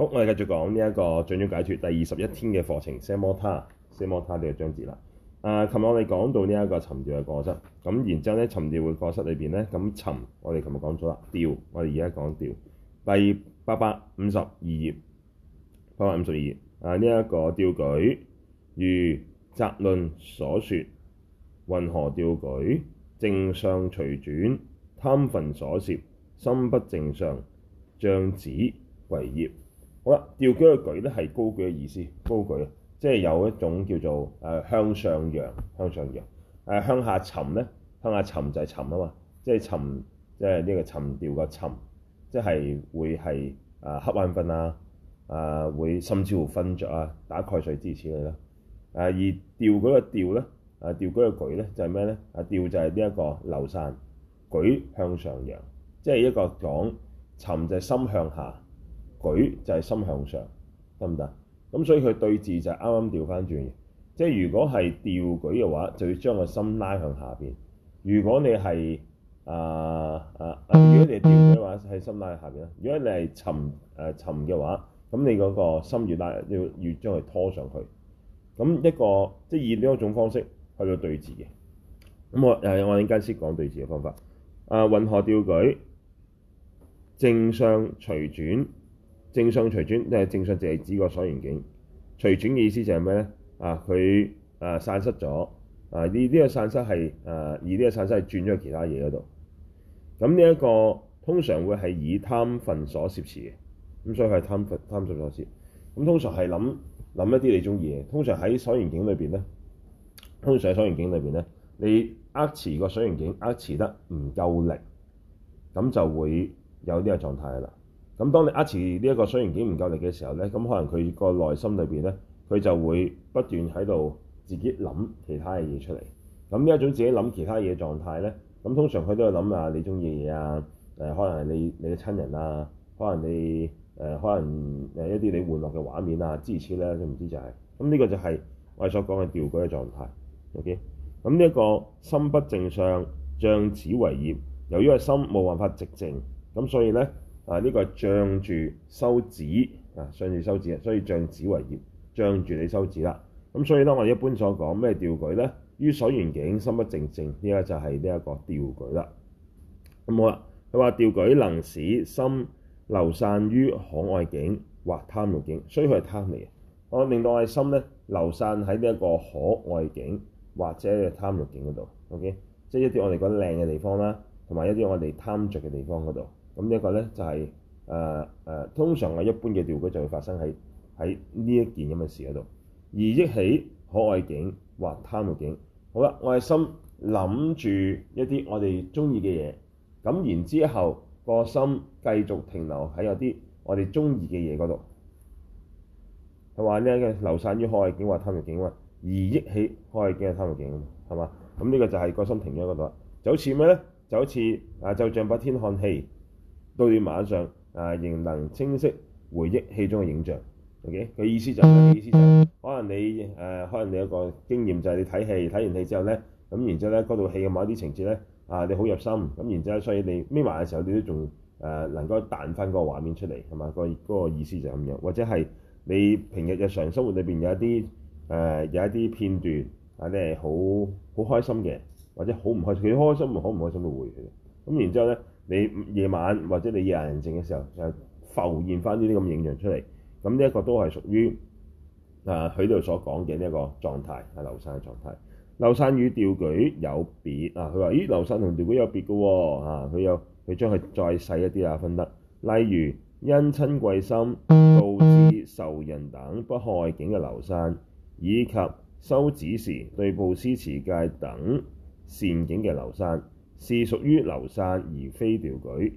好，我哋繼續講呢、這、一個掌中解脫第二十一天嘅課程。Samatha Samatha 呢個章節啦。啊，琴日我哋講到呢一個沉掉嘅過失，咁然之後咧，沉掉嘅過失裏邊咧，咁沉，我哋琴日講咗啦，掉，我哋而家講掉。第八百五十二頁，八百五十二頁啊，呢、這、一個掉舉如集論所說，云何掉舉？淨相隨轉，貪分所攝，心不靜相，障止為業。好啦，掉舉嘅舉咧係高舉嘅意思，高舉，即係有一種叫做誒向上揚，向上揚，誒向、呃、向下沉咧，向下沉就係沉啊嘛，即係沉、就是、沉，沉，即係呢個沉掉嘅沉，即係會係誒瞌眼瞓啊，誒、呃、會甚至乎瞓著啊，打蓋水支持你咯，誒、呃、而掉舉嘅掉咧，誒掉舉嘅舉咧就係咩咧？啊，掉，呢、就是、呢啊掉就係呢一個流散，舉向上揚，即係一個講沉就心向下。舉就係心向上，得唔得？咁所以佢對治就係啱啱掉返轉，即係如果係掉舉嘅話，就要將個心拉向下邊；如果你係啊啊，如果你係掉舉嘅話，係心拉向下邊；如果你係沉誒、呃、沉嘅話，咁你嗰個心要拉，要要將佢拖上去。咁一個即係以呢一種方式去到對治嘅。咁我誒我陣間先講對治嘅方法，啊、呃、云何掉舉？淨相隨轉。淨相隨轉，淨相就係指個所緣境。隨轉嘅意思就係咩咧？啊，佢散失咗。啊，呢呢、啊、個散失係而呢個散失係轉咗其他嘢嗰度。咁呢一個通常會係以貪分所攝持嘅，咁所以係貪分貪慾所攝。咁通常係諗一啲你中意嘅。通常喺所緣境裏面咧，通常喺所緣境裏面咧，你握持個所緣境握持得唔夠力，咁就會有呢個狀態啦。咁當你呃遲呢一個水然件唔夠力嘅時候咧，咁可能佢個內心裏邊咧，佢就會不斷喺度自己諗其他嘅嘢出嚟。咁呢一種自己諗其他嘢狀態咧，咁通常佢都係諗啊，你中意嘢啊，誒，可能係你你嘅親人啊，可能你誒、呃，可能誒一啲你玩樂嘅畫面啊，支持似咧，你唔知就係咁，呢個就係我哋所講嘅掉舉嘅狀態。O.K. 咁呢一個心不靜相，障止為業，由於係心冇辦法寂靜，咁所以咧。啊！呢、這個係障住修止啊，障住修止啊，所以障止為業，障住你修止啦。咁所以咧，我一般所講咩掉舉咧？於所緣境心不正正，呢個就係呢一個掉舉啦。咁、嗯、好啦，佢話掉舉能使心流散於可愛境或貪欲境，所以佢係貪嚟，我令到我心咧流散喺呢一個可愛境或者貪欲境嗰度。OK，即係一啲我哋覺得靚嘅地方啦，同埋一啲我哋貪着嘅地方嗰度。咁呢個咧就係誒誒，通常我一般嘅掉舉就會發生喺喺呢一件咁嘅事嗰度，而憶起可愛境或貪慾境。好啦，我係心諗住一啲我哋中意嘅嘢，咁然之後個心繼續停留喺有啲我哋中意嘅嘢嗰度，係話咧流散於可愛境或貪慾境啊。而憶起可愛境或貪慾境係嘛？咁呢、嗯這個就係個心停咗喺嗰度，就好似咩咧？就好似啊，就像白天看戲。到咗晚上，啊仍能清晰回憶戲中嘅影像。O K，佢意思就係、是、意思就係、是，可能你誒、呃，可能你有一個經驗就係你睇戲，睇完戲之後咧，咁、嗯、然之後咧，嗰套戲嘅某啲情節咧，啊你好入心，咁、嗯、然之後，所以你眯埋嘅時候，你都仲誒、呃、能夠彈翻個畫面出嚟，係嘛？個嗰個意思就係咁樣，或者係你平日日常生活裏邊有一啲誒、呃、有一啲片段啊，你係好好開心嘅，或者好唔開心，佢開心好唔開心都回嘅。咁、嗯、然之後咧。你夜晚或者你夜闌人靜嘅時候，就浮現翻呢啲咁影像出嚟，咁呢一個都係屬於啊佢度所講嘅呢一個狀態係流散嘅狀態。流散與掉舉有別啊，佢話：咦，流散同掉舉有別嘅喎、哦、啊！佢又佢將佢再細一啲啊分得，例如因瞋恚心導致仇人等不害境嘅流散，以及修止時對布施持戒等善境嘅流散。是屬於流散而非掉舉。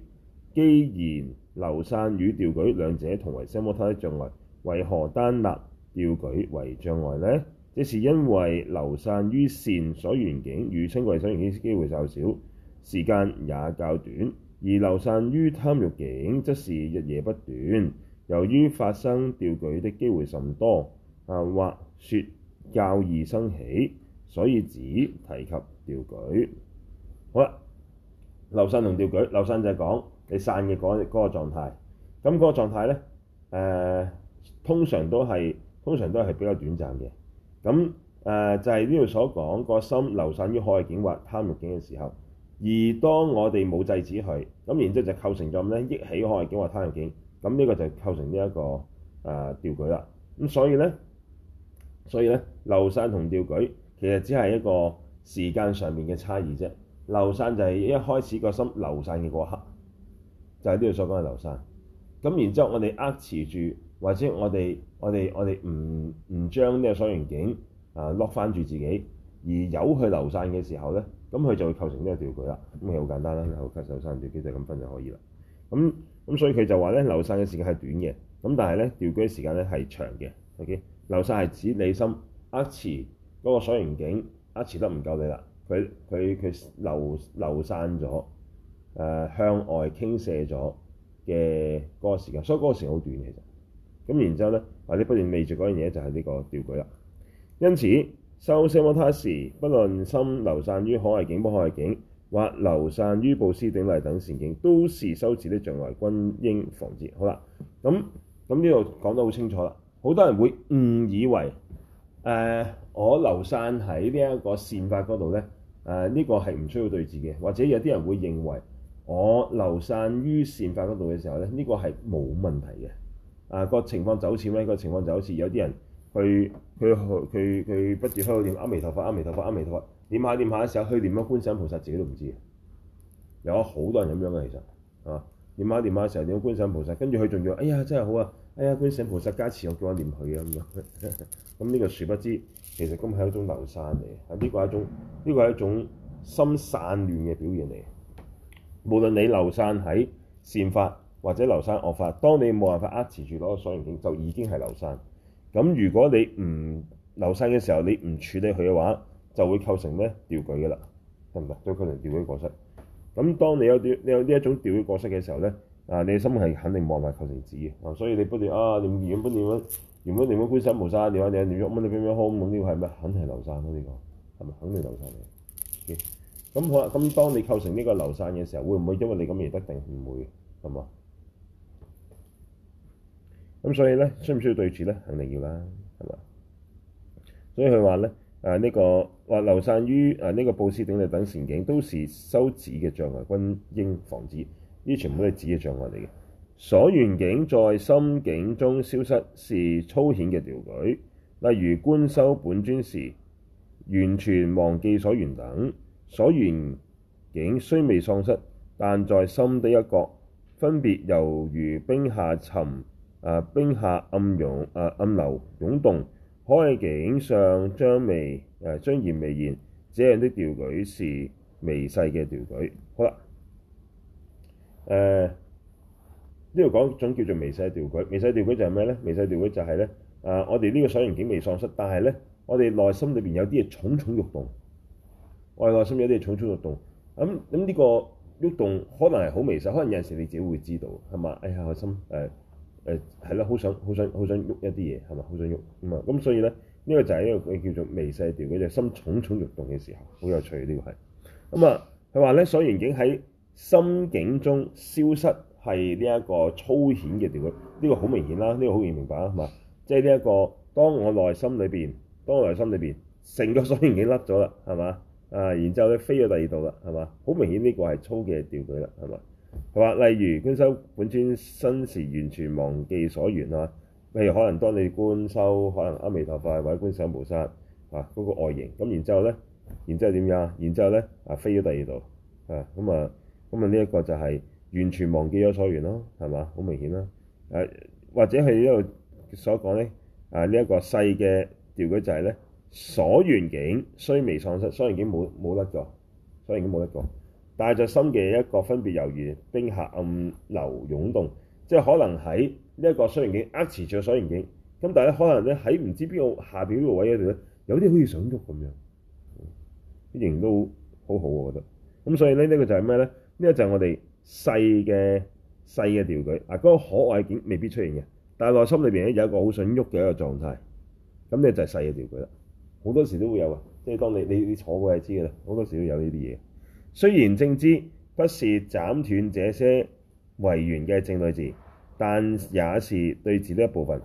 既然流散與掉舉兩者同為奢摩他障礙，為何單立掉舉為障礙呢？這是因為流散於善所緣境與瞋恚所緣境機會較少，時間也較短，而流散於貪欲境則是日夜不斷。由於發生掉舉的機會甚多，或說較易生起，所以只提及掉舉。好啦，流散同掉舉，流散就係講你散嘅嗰嗰個狀態。咁嗰個狀態咧，通常都係通常都係比較短暫嘅。咁、呃、就係呢度所講個心流散於可愛境或貪慾境嘅時候，而當我哋冇制止佢，咁然之後就構成咗呢憶起可愛境或貪慾境。咁呢個就構成呢一個誒掉、呃、舉啦。咁所以咧，所以咧流散同掉舉其實只係一個時間上面嘅差異啫。流散就係一開始個心流散嘅嗰刻，就係呢度所講嘅流散。咁然之後，我哋握持住，或者我哋我哋我哋唔唔將呢個所緣境啊 lock 翻住自己，而由佢流散嘅時候咧，咁佢就會構成呢個掉舉啦。咁咪好簡單啦，後握持流散掉舉就咁分就可以啦。咁咁所以佢就話咧，流散嘅時間係短嘅，咁但係咧掉舉嘅時間咧係長嘅。O.K. 流散係指你心握持嗰個所緣境握持得唔夠力啦。佢佢佢流流散咗，誒、呃、向外傾射咗嘅嗰個時間，所以嗰個時間好短嘅啫。咁然之後咧，或者不斷未著嗰樣嘢就係呢個掉舉啦。因此，修奢摩他時，不論心流散於可愛境、不可愛境，或流散於布施頂禮等善境，都是修止的障礙，均應防止。好啦，咁咁呢度講得好清楚啦。好多人會誤以為誒、呃、我流散喺呢一個善法嗰度咧。誒呢、啊這個係唔需要對治嘅，或者有啲人會認為我流散於善法嗰度嘅時候咧，呢、這個係冇問題嘅。啊個情況就好似咩？個情況就好似有啲人去佢去佢佢不住喺度念阿彌陀佛，阿彌陀佛，阿彌陀佛，念下念下嘅時候，去點樣觀想菩薩自己都唔知。有好多人咁樣嘅，其實啊。念媽、啊、念媽時候，點樣觀想菩薩？跟住佢仲要，哎呀真係好啊！哎呀觀想菩薩加持我，叫我念佢啊咁樣。咁呢 個殊不知，其實咁係一種流散嚟，係呢個係一種，呢個係一種心散亂嘅表現嚟。無論你流散喺善法或者流散惡法，當你冇辦法遏持住嗰個所緣境，就已經係流散。咁如果你唔流散嘅時候，你唔處理佢嘅話，就會構成咩掉舉㗎啦？得唔得？就構成掉舉過失。咁當你有你有呢一種掉舉角色嘅時候咧，啊，你心係肯定冇辦法構成止嘅，所以你不斷啊，你唔斷不斷咁，你斷不斷觀心無沙，不斷點點咁樣你變變空咁，呢個係咩？肯定係流散咯，呢個係咪？肯定流散嘅。咁、這個、好啦，咁當你構成呢個流散嘅時候，會唔會因為你咁而一得定唔會？係咪？咁所以咧，需唔需要對治咧？肯定要啦，係咪？所以佢話咧。誒呢、啊這個或流散於誒呢個布施頂禮等善境，都是修止嘅障礙，均應防止。呢全部都係止嘅障礙嚟嘅。所緣境在心境中消失，是粗顯嘅掉舉。例如觀修本尊時，完全忘記所緣等。所緣境雖未喪失，但在心的一角，分別猶如冰下沉，誒、啊、冰下暗湧，誒、啊、暗流湧動。可愛境相將未誒將現未現，這樣的掉舉是微細嘅掉舉。好啦，誒呢度講一種叫做微細掉舉。微細掉舉就係咩咧？微細掉舉就係咧啊！我哋呢個所緣境未喪失，但係咧我哋內心裏邊有啲嘢蠢蠢欲動，我哋內心有啲嘢蠢蠢欲動。咁咁呢個喐動可能係好微細，可能有陣時你自己會知道，係嘛？哎呀，內心誒。嗯誒係啦，好想好想好想喐一啲嘢，係咪？好想喐咁咁所以咧，呢個就係一個叫做微細掉舉，佢就心蠢蠢欲動嘅時候，好有趣呢個係。咁啊，佢話咧，所緣境喺心境中消失係呢一個粗顯嘅掉舉，呢個好明顯啦，呢個好易明白啊嘛。即係呢一個，當我內心裏面，當我內心裏邊，成個所緣境甩咗啦，係嘛？啊，然之後咧飛咗第二度啦，係嘛？好明顯呢個係粗嘅掉舉啦，係嘛？例如觀修本尊身時完全忘記所緣啊。譬如可能當你觀修，可能阿彌陀佛或者觀想菩薩啊，嗰個外形。咁然之後咧，然之後點樣？然之後咧啊，飛咗第二度啊。咁、嗯、啊，咁、嗯、啊，呢、這、一個就係完全忘記咗所緣咯，係嘛？好明顯啦、啊。或者佢呢度所講咧，啊呢一、這個細嘅掉舉就係、是、咧，所緣境雖未喪失，所緣境冇冇得個，所緣境冇得個。帶着心嘅一個分別猶如，冰下暗流湧動，即係可能喺呢一個雖形見握持住，雖形見，咁但係咧可能咧喺唔知邊個下邊個位嗰度咧，有啲好似想喐咁樣，啲形都好好，我覺得。咁所以咧呢個就係咩咧？呢個就係我哋細嘅細嘅掉舉。嗱，嗰個可愛景未必出現嘅，但係內心裏邊咧有一個好想喐嘅一個狀態。咁呢就係細嘅掉舉啦。好多時都會有啊，即係當你你你坐過就知嘅啦。好多時都有呢啲嘢。雖然正知不是斬斷這些違緣嘅正對治，但也是對治的一部分。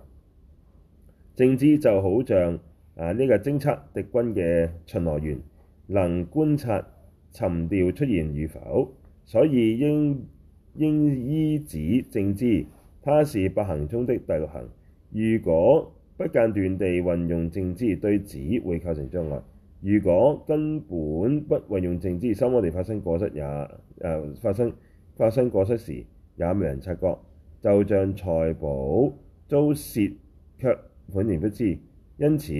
正知就好像啊呢個偵測敵軍嘅巡邏員，能觀察沉掉出現與否，所以應依止正知，它是八行中的第六行。如果不間斷地運用正知對治，會構成障礙。如果根本不運用正知，心，我哋發生過失也，誒、呃、發生發生過失時也未能察覺，就像財寶遭竊卻渾然不知，因此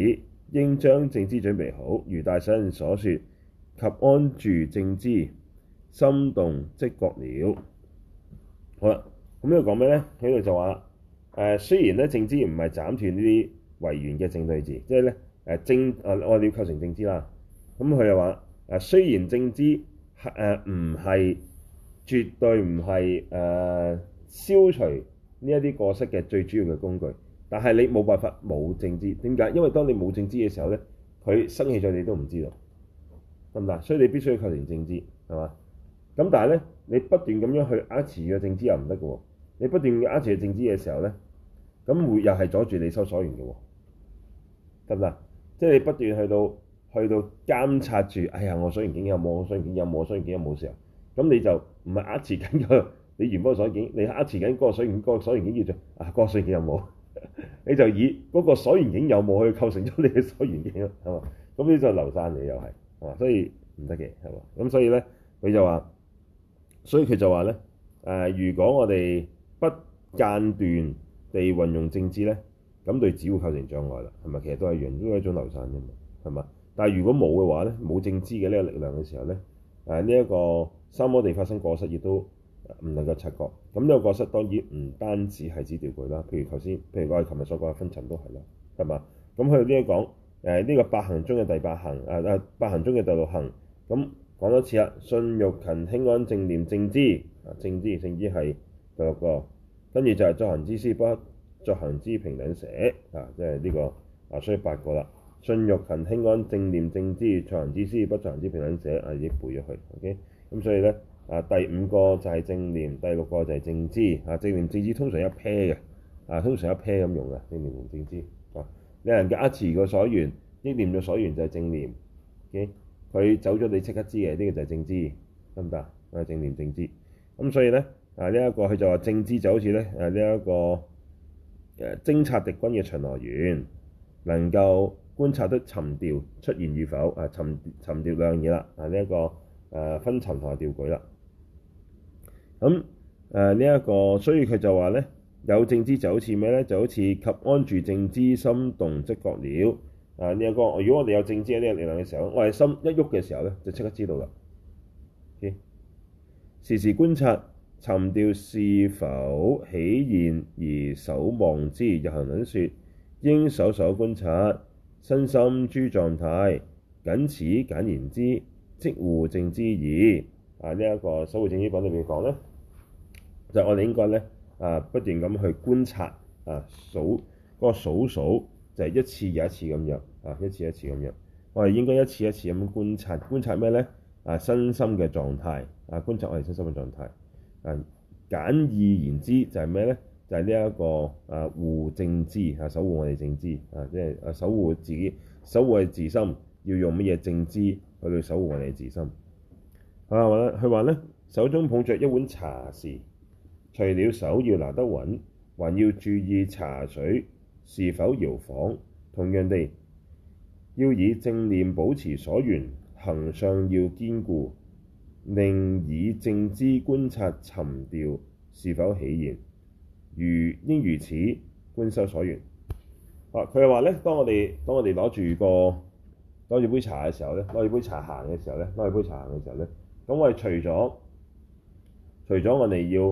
應將正知準備好。如大印所說，及安住正知，心動即覺了。好啦，咁呢度講咩咧？呢度就話誒、呃，雖然咧正知唔係斬斷呢啲違緣嘅正對治。即係咧。誒正啊，我要構成正知啦。咁佢又話：誒雖然正知係誒唔係絕對唔係誒消除呢一啲過失嘅最主要嘅工具，但係你冇辦法冇正知。點解？因為當你冇正知嘅時候咧，佢生起咗你都唔知道，得唔得？所以你必須要構成正知，係嘛？咁但係咧，你不斷咁樣去壓住個正知，又唔得嘅喎。你不斷壓住個正知嘅時候咧，咁會又係阻住你收所緣嘅喎，得唔得？即係你不斷去到去到監察住，哎呀，我所緣境有冇？所緣境有冇？所緣境有冇嘅時候，咁你就唔係壓持緊個你原本所緣境，你壓持緊嗰個所緣境，嗰個所緣境叫做啊，嗰個所緣境有冇，你就以嗰個所緣境有冇去構成咗你嘅所緣境咯，係嘛？咁呢就流散嘅又係，啊，所以唔得嘅係嘛？咁所以咧，佢就話，所以佢就話咧，誒、呃，如果我哋不間斷地運用正知咧。咁對止會構成障礙啦，係咪？其實都係圓中一種流散啫嘛，係嘛？但係如果冇嘅話咧，冇正知嘅呢個力量嘅時候咧，誒呢一個三摩地發生過失，亦都唔能夠察覺。咁、那、呢個過失當然唔單止係指掉舉啦，譬如頭先譬如我哋琴日所講嘅分層都係啦，係嘛？咁佢呢一講誒呢個八行中嘅第八行誒誒、啊、八行中嘅第六行，咁講多次啦，信欲勤輕安正念正知啊，正知正知係第六個，跟住就係作行之思不，作行之平等者啊，即係呢個啊，所以八個啦。信欲勤輕安正念正知作行之思，不作行之平等者啊，要背咗佢。OK，咁所以咧啊，第五個就係正念，第六個就係正知啊。正念正知通常一 pair 嘅啊，通常一 pair 咁用嘅正念同正知啊。你人嘅一詞個所緣，一念嘅所緣就係正念。OK，佢走咗，你即刻知嘅呢個就係正知，得唔得啊？正念正知咁，所以咧啊，呢一個佢就話正知就好似咧啊，呢一個。誒偵察敵軍嘅巡邏員，能夠觀察得沉掉出現與否啊！沉沉掉兩樣嘢啦，啊呢一、這個啊分沉同埋掉舉啦。咁誒呢一個，所以佢就話咧，有正知就好似咩咧，就好似及安住正知，心動即覺了啊！呢、這、一個，如果我哋有正知呢樣力量嘅時候，我哋心一喐嘅時候咧，就即刻知道啦。Okay? 時時觀察。尋調→沉掉是否起現而守望之。入行論說，應數數觀察，身心諸狀態，僅此簡言之，即護正知義。啊，這個、守護裡面呢一個守護正知講到邊講咧？就我哋應該咧啊，不斷咁去觀察啊，數嗰、那個數數就係一次又一次咁樣啊，一次一次咁樣。我哋應該一次一次咁觀察，觀察咩咧？啊，身心嘅狀態啊，觀察我哋身心嘅狀態。啊，簡而言之就係、是、咩呢？就係呢一個啊，護正知啊，守護我哋正知啊，即係啊，守護自己，守護我哋自心，要用乜嘢正知去到守護我哋自心。啊，話佢話呢，手中捧着一碗茶時，除了手要拿得穩，還要注意茶水是否搖晃。同樣地，要以正念保持所緣，行相要堅固。令以正知觀察沉調是否起現，如應如此，觀修所緣。啊！佢又話咧，當我哋當我哋攞住個攞住杯茶嘅時候咧，攞住杯茶行嘅時候咧，攞住杯茶行嘅時候咧，咁我哋除咗除咗我哋要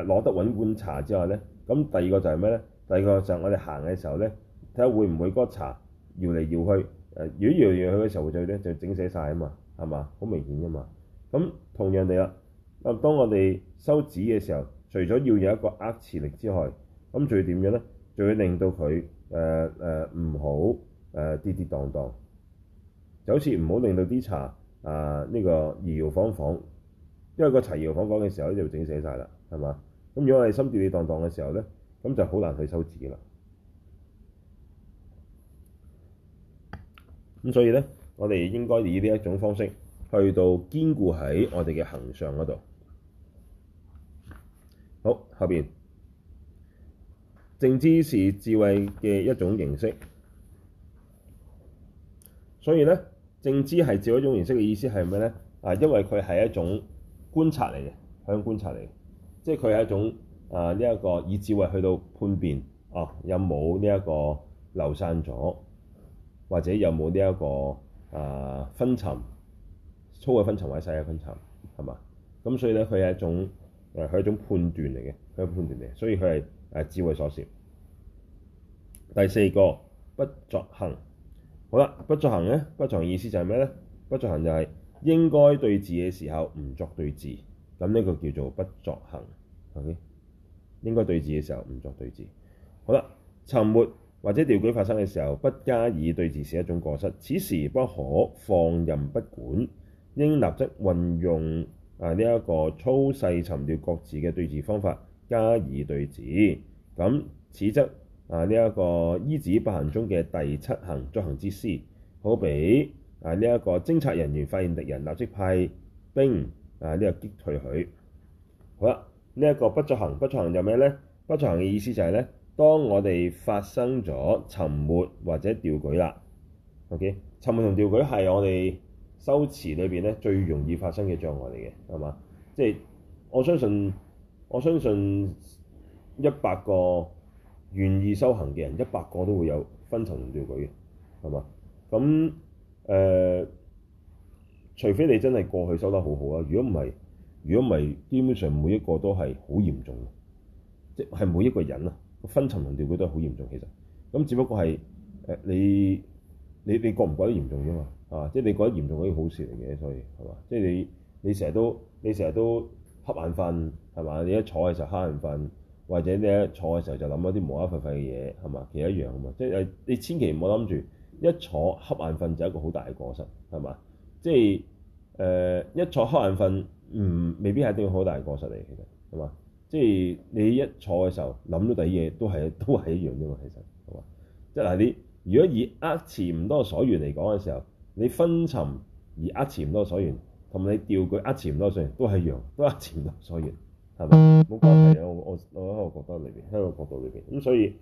誒攞、呃、得揾碗茶之外咧，咁第二個就係咩咧？第二個就係我哋行嘅時候咧，睇下會唔會嗰茶搖嚟搖去誒？如、呃、果搖嚟搖，搖去嘅時候，就咧就整死晒啊嘛，係嘛，好明顯啊嘛。咁同樣地啦，啊，當我哋修止嘅時候，除咗要有一個握持力之外，咁仲要點樣咧？仲要令到佢誒誒唔好誒跌跌蕩蕩，就好似唔好令到啲茶啊呢、呃呢個搖搖晃晃，因為個茶搖晃晃嘅時候咧就整死晒啦，係嘛？咁如果我哋心跌跌蕩蕩嘅時候咧，咁就好難去修止啦。咁所以咧，我哋應該以呢一種方式。去到堅固喺我哋嘅行相嗰度，好後邊，正知是智慧嘅一種形式。所以咧，正知係照一種形式嘅意思係咩咧？啊，因為佢係一種觀察嚟嘅，向觀察嚟嘅。即係佢係一種啊呢一個以智慧去到判別哦有冇呢一個流散咗，或者有冇呢一個啊、呃、分層。粗嘅分層或者細嘅分層係嘛？咁所以咧，佢係一種誒，佢係一種判斷嚟嘅，佢係判斷嚟，所以佢係誒智慧所涉。第四個不作行，好啦，不作行咧，不作行意思就係咩咧？不作行就係應該對治嘅時候唔作對治。咁呢個叫做不作行。O.K.，應該對治嘅時候唔作對治。好啦，沉沒或者掉舉發生嘅時候，不加以對治，是一種過失，此時不可放任不管。應立即運用啊呢一、這個粗細沉掉各自嘅對治方法加以對治。咁此則啊呢一、這個依止八行中嘅第七行作行之思，好比啊呢一、這個偵察人員發現敵人，立即派兵啊呢、這個擊退佢。好啦，呢、這、一個不作行，不作行就咩呢？不作行嘅意思就係、是、呢：當我哋發生咗沉沒或者掉舉啦。OK，沉沒同掉舉係我哋。修持裏邊咧，最容易發生嘅障礙嚟嘅，係嘛？即係我相信，我相信一百個願意修行嘅人，一百個都會有分層掉舉嘅，係嘛？咁誒，除非你真係過去修得好好啊，如果唔係，如果唔係，基本上每一個都係好嚴重，即係每一個人都分層掉舉都好嚴重，其實咁只不過係誒你你你覺唔覺得嚴重啫嘛？啊！即係你覺得嚴重嗰啲好事嚟嘅，所以係嘛？即係你你成日都你成日都瞌眼瞓係嘛？你一坐嘅時候瞌眼瞓，或者你一坐嘅時候就諗一啲無啦啦廢廢嘅嘢係嘛？其實一樣啊嘛！即係你千祈唔好諗住一坐瞌眼瞓就係一個好大嘅過失係嘛？即係誒、呃、一坐瞌眼瞓唔、嗯、未必係一定好大嘅過失嚟，其實係嘛？即係你一坐嘅時候諗到第嘢都係都係一樣啫嘛，其實係嘛？即係嗱，你如果以呃詞唔多的所緣嚟講嘅時候。你昏沉而壓持唔多所緣，同你掉舉壓持唔多所緣都係一樣，都係壓持唔多所緣，係咪？冇關係啊！我我喺我覺得裏邊，喺我角度裏邊，咁所以，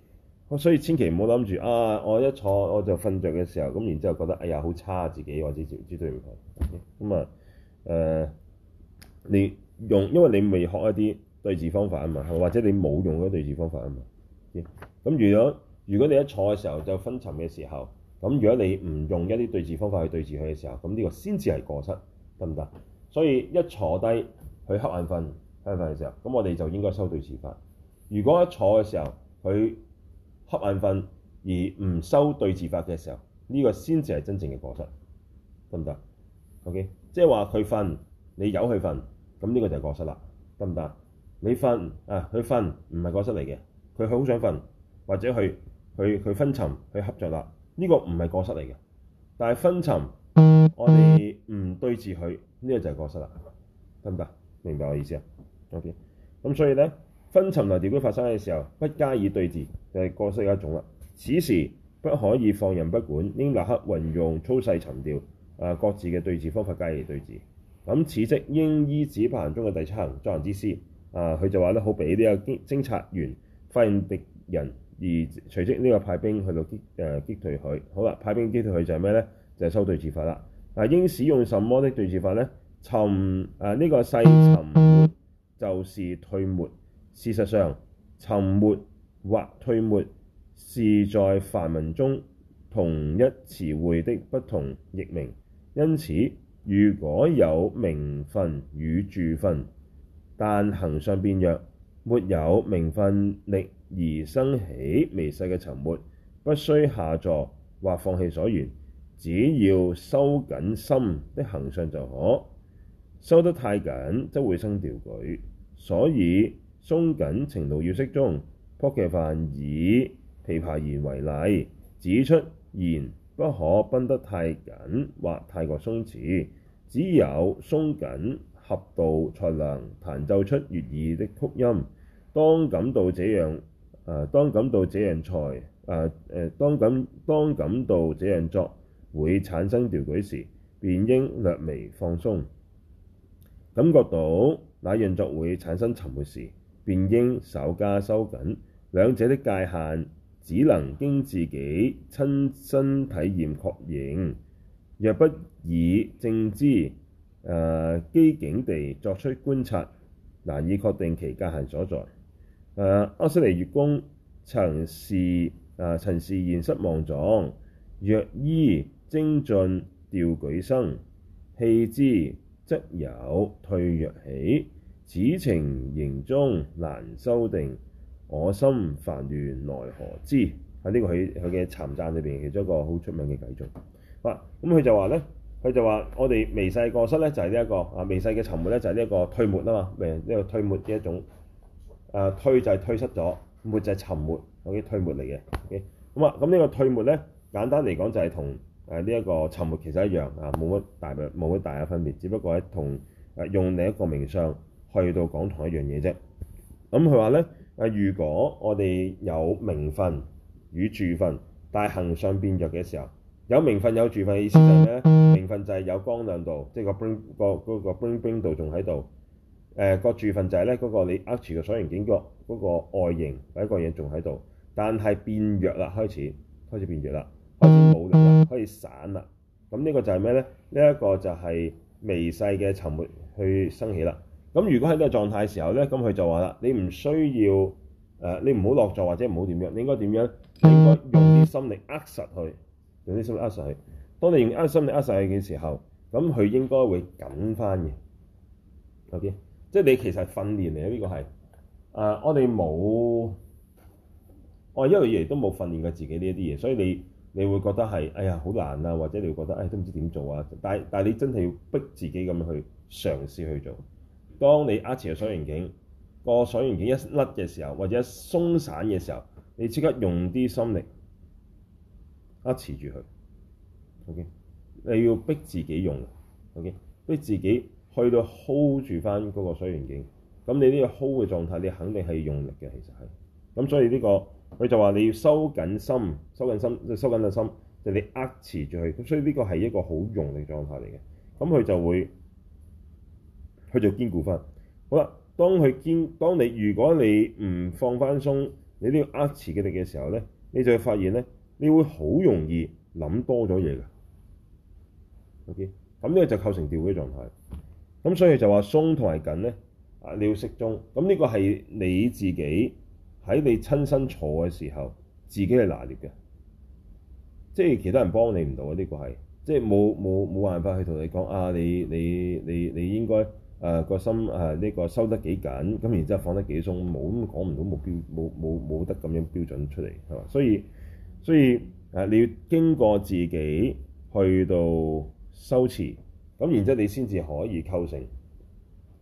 所以千祈唔好諗住啊！我一坐我就瞓着嘅時候，咁然之後覺得哎呀好差、啊、自己，或者知知對唔住。咁啊誒，你用因為你未學一啲對治方法啊嘛，或者你冇用嗰對治方法啊嘛。咁、嗯嗯嗯、如果如果你一坐嘅時候就昏沉嘅時候。咁如果你唔用一啲對治方法去對治佢嘅時候，咁呢個先至係過失，得唔得？所以一坐低佢瞌眼瞓、瞌眼瞓嘅時候，咁我哋就應該收對治法。如果一坐嘅時候佢瞌眼瞓而唔收對治法嘅時候，呢個先至係真正嘅過失，得唔得？OK，即係話佢瞓，你由佢瞓，咁呢個就係過失啦，得唔得？你瞓啊，佢瞓唔係過失嚟嘅，佢好想瞓或者佢佢佢分層去恰着啦。它合呢個唔係過失嚟嘅，但係分層，我哋唔對治佢，呢、這個就係過失啦，得唔得？明白我意思啊？OK。咁所以咧，分層來地兵發生嘅時候，不加以對治，就係過失嘅一種啦。此時不可以放任不管，應立刻運用粗細沉掉啊，各自嘅對治方法加以對治。咁、啊、此即應依止八行中嘅第七行作行之思啊，佢就話咧，好比呢個偵察員發現敵人。而隨即呢個派兵去到擊、呃、擊退佢，好啦，派兵擊退佢就係咩呢？就係、是、收對治法啦。嗱、啊，應使用什麼的對治法呢？沉誒呢、啊這個細沉沒就是退沒。事實上，沉沒或退沒是在梵文中同一詞彙的不同譯名。因此，如果有明分與住分，但行相變弱，沒有明分力。而生起微細嘅沉沒，不需下座，或放棄所緣，只要收緊心的行相就可。收得太緊則會生掉舉，所以鬆緊程度要適中。薄伽梵以琵琶弦為例，指出弦不可繃得太緊或太過鬆弛，只有鬆緊合度才能彈奏出悅耳的曲音。當感到這樣。啊、呃！當感到這樣才啊誒，當感當感到這樣作會產生掉舉時，便應略微放鬆；感覺到那樣作會產生沉沒時，便應稍加收緊。兩者的界限只能經自己親身體驗確認。若不以正知誒、呃、機警地作出觀察，難以確定其界限所在。誒，阿闍黎月官曾示誒曾示現失望狀，若依精進掉舉生，棄之則有退弱起，此情形中難修定，我心煩亂奈何之？喺呢、這個佢，佢嘅懺讚裏邊，其中一個好出名嘅偈句。哇、啊！咁、嗯、佢就話咧，佢就話我哋微細過失咧，就係呢一個啊微細嘅沉沒咧，就係呢一個退沒啊嘛，誒、這、呢個退沒呢一種。誒退就係退失咗，沒就係沉沒，嗰啲退沒嚟嘅。OK，咁啊，咁呢個退沒咧，簡單嚟講就係同誒呢一個沉沒其實一樣啊，冇乜大嘅冇乜大嘅分別，只不過喺同誒用另一個名相去到講同一樣嘢啫。咁佢話咧，誒如果我哋有名分與住分，但係行相變弱嘅時候，有名分有住分嘅意思就係咧，名分就係有光亮度，即係個嗰個 bring bring bl bring 度仲喺度。誒個、呃、住分就係咧嗰個你握住嘅所緣境界嗰個外形第一個嘢仲喺度，但係變弱啦，開始開始變弱啦，開始冇力啦，開始散啦。咁呢個就係咩咧？呢、這、一個就係微細嘅沉沒去生起啦。咁如果喺呢個狀態時候咧，咁佢就話啦：你唔需要、呃、你唔好落座或者唔好點樣，你應該點樣？你應該用啲心力握實佢，用啲心力握實佢。當你用啲心力握實佢嘅時候，咁佢應該會緊翻嘅。OK。即係你其實訓練嚟嘅呢個係，誒我哋冇，我、哦、一路嚟都冇訓練過自己呢一啲嘢，所以你你會覺得係，哎呀，好難啊，或者你會覺得，誒、哎、都唔知點做啊。但係但係你真係要逼自己咁樣去嘗試去做。當你壓持個所緣境，個所緣境一甩嘅時候，或者鬆散嘅時候，你即刻用啲心力壓持住佢。OK，你要逼自己用。OK，逼自己。去到 hold 住翻嗰個所緣境，咁你呢個 hold 嘅狀態，你肯定係用力嘅。其實係咁，所以呢個佢就話你要收緊心，收緊心，收緊個心，就係、你握持住佢。咁所以呢個係一個好用力嘅狀態嚟嘅。咁佢就會佢就堅固翻。好啦，當佢堅，當你如果你唔放翻鬆，你呢個握持嘅力嘅時候咧，你就會發現咧，你會好容易諗多咗嘢㗎。O.K. 咁呢個就構成掉嘅狀態。咁所以就話鬆同埋緊咧，啊你要適中。咁呢個係你自己喺你親身坐嘅時候自己嚟拿捏嘅，即係其他人幫你唔到啊！呢、這個係即係冇冇冇辦法去同你講啊！你你你你應該誒個、呃、心誒呢、啊這個收得幾緊，咁然之後放得幾鬆，冇咁講唔到目標，冇冇冇得咁樣標準出嚟係嘛？所以所以、啊、你要經過自己去到修持。咁然之後，你先至可以構成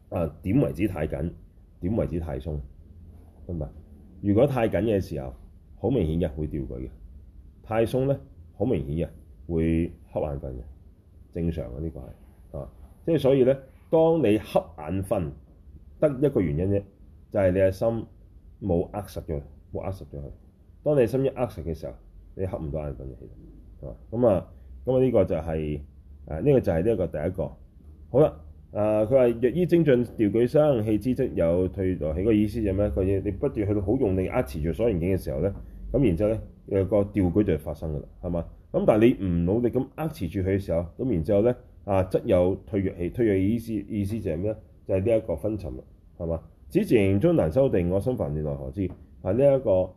啊點為止太緊，點為止太鬆，明白？如果太緊嘅時候，好明顯嘅會掉舉嘅；太鬆咧，好明顯嘅會瞌眼瞓嘅。正常嘅呢、這個係啊，即係所以咧，當你瞌眼瞓，得一個原因啫，就係、是、你嘅心冇握實咗，冇握實咗佢。當你心一握實嘅時候，你瞌唔到眼瞓嘅，其實啊，咁啊，咁啊，呢個就係、是。啊！呢個就係呢一個第一個，好啦。啊，佢話若依精進掉舉生，棄之則有退弱起，個意思就係咩？佢要你不斷去到好用力壓持住所緣境嘅時候咧，咁然之後咧，個掉舉就發生噶啦，係嘛？咁但係你唔努力咁壓持住佢嘅時候，咁然之後咧，啊，則有退弱起。退弱意思意思就係咩？就係呢一個分層啦，係嘛？此情形中難修定，我心煩亂奈何之？係呢一個誒